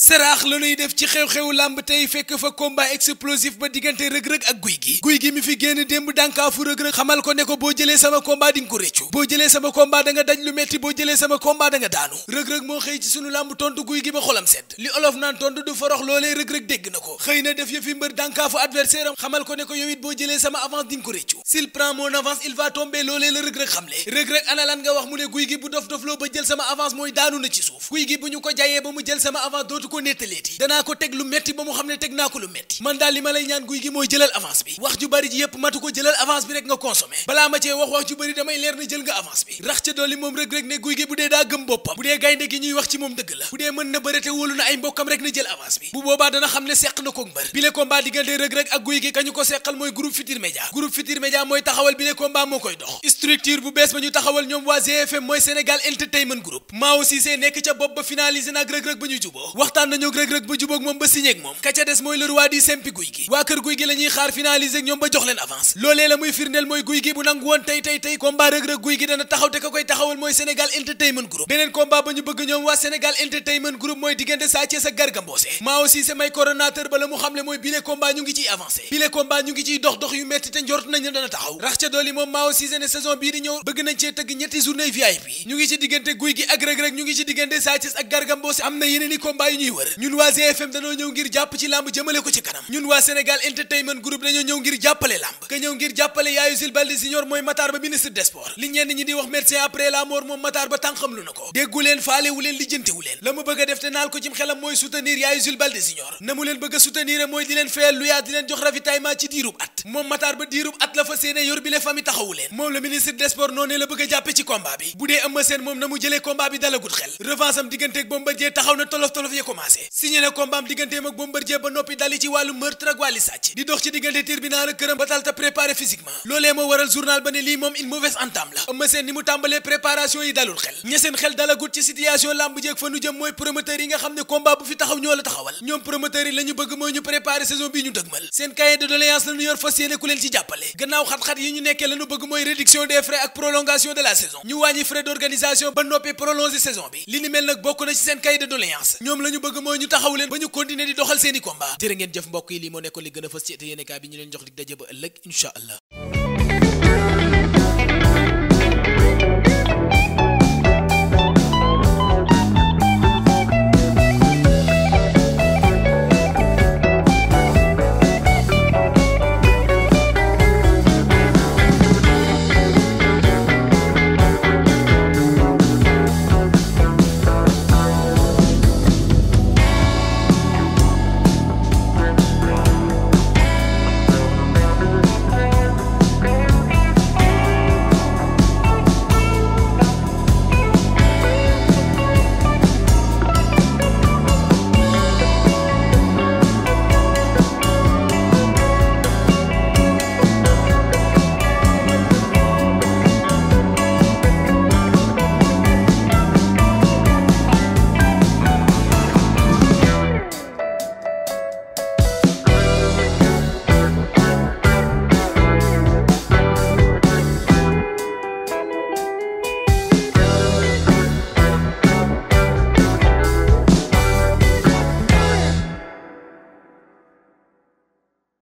saraax la nuy def ci xew-xewu làmb tey fekk fa combat explosif ba diggante rëg-rëg ak guy gi guy gi mi fi génn démb dànkaafu rëg-rëg xamal ko ne ko boo jëlee sama combat di nga ko réccu boo jëlee sama combat da nga daj lu metti boo jëlee sama combat na ko na def yëfi mbër dànkaafu adversaire am xamal boo jëlee sama avance di nga ko réccu s'il prend mon avance il va tomber loolee la rëg-rëg xamle rëg-rëg ana lan nga wax mu ne guy gi bu dof dofloo ba jël sama avance mooy daanu na ci suuf guy gi bu ñu ko jayee ba mu jël sama avance dootu ko nettaleeti danaa ko teg lu metti ba mu xam ne teg naa ko lu metti man daal li ma lay ñaan guy mooy jëlal avance bi wax ju bari ji yépp matu ko jëlal avance bi rek nga consommé balaa ma cee wax wax ju bari damay leer na jël nga avance bi rax ca dolli moom rek rek ne guy gi bu dee daa gëm boppam bu dee gaynde gi ñuy wax ci moom dëgg la bu dee mën na bëre te wóolu na ay mbokkam rek na jël avance bi bu boobaa dana xam ne seq na ko mbër bi le combat diggante rek rek ak koy dox structure bu bees ba ñu taxawal ñoom waa GFM mooy Sénégal Entertainment Group maa aussi see bopp ba finaliser nag rek waxtaan nañu rek rek ba jubóog moom ba signé ak moom ka ca des mooy le roi di sempi guy gi waa kër tey tey tey combat rek rek guy taxaw te ka koy taxawal mooy Sénégal Entertainment Group beneen combat ba ñu bëgg ñoom waa Sénégal Entertainment Group mooy diggante Sa Thiès ak Garga Mbossé maa aussi c'est may coordonnateur ba la mu xamle mooy bile combat ñu ngi ciy avancé bile combat ñu ngi ciy dox dox yu metti te njort nañ ne dana taxaw rax ca dool moom maa aussi ne saison bii di ñëw bëgg nañ cee tëgg ñetti journée VIP ñu ngi ci diggante guy gi ak rek rek ñu ngi ci diggante Sa Thiès ak Garga Mbossé am na yeneen i combat ñuy ñun waa GFM dañoo ñëw ngir jàpp ci làmb jëmale ko ci kanam ñun waa Sénégal Entertainment Group dañoo ñëw ngir jàppale làmb ka ñëw ngir jàppale Yaya Jules Baldé Junior mooy Matar Ba ministre des li ñenn ñi di wax médecin après la mort moom Matar Ba tànxam lu na ko déggu faalewu leen lijjantewu leen la mu bëgg a def te ko ci xelam mooy soutenir Yaya Jules Baldé Junior na mu leen bëgg a mooy di leen fayal lu yaa di leen commencé signé na combat digganteem ak Bombardier ba noppi dali ci wàllu meurtre wàlli sàcc di dox ci diggante tribunal ak këram ba tal ta préparé physiquement loolee moo waral journal ba ne lii moom une mauvaise entame la Eumeu ni mu tàmbalee préparation yi dalul xel ña seen xel dalagut ci situation lamb jeeg fa nu jëm mooy promoteurs yi nga xam ne combat bu fi taxaw ñoo la taxawal ñoom promoteurs yi la bëgg mooy ñu préparé saison bii ñu dëgmal seen cahier bëgg mooy ñu taxaw leen ba ñu continuer di doxal seeni combat jërë ngeen jëf mbokk lii moo nekkoon li gën a fës ci yéenekaay bi ñu leen jox dig daje ba ëllëg incha allah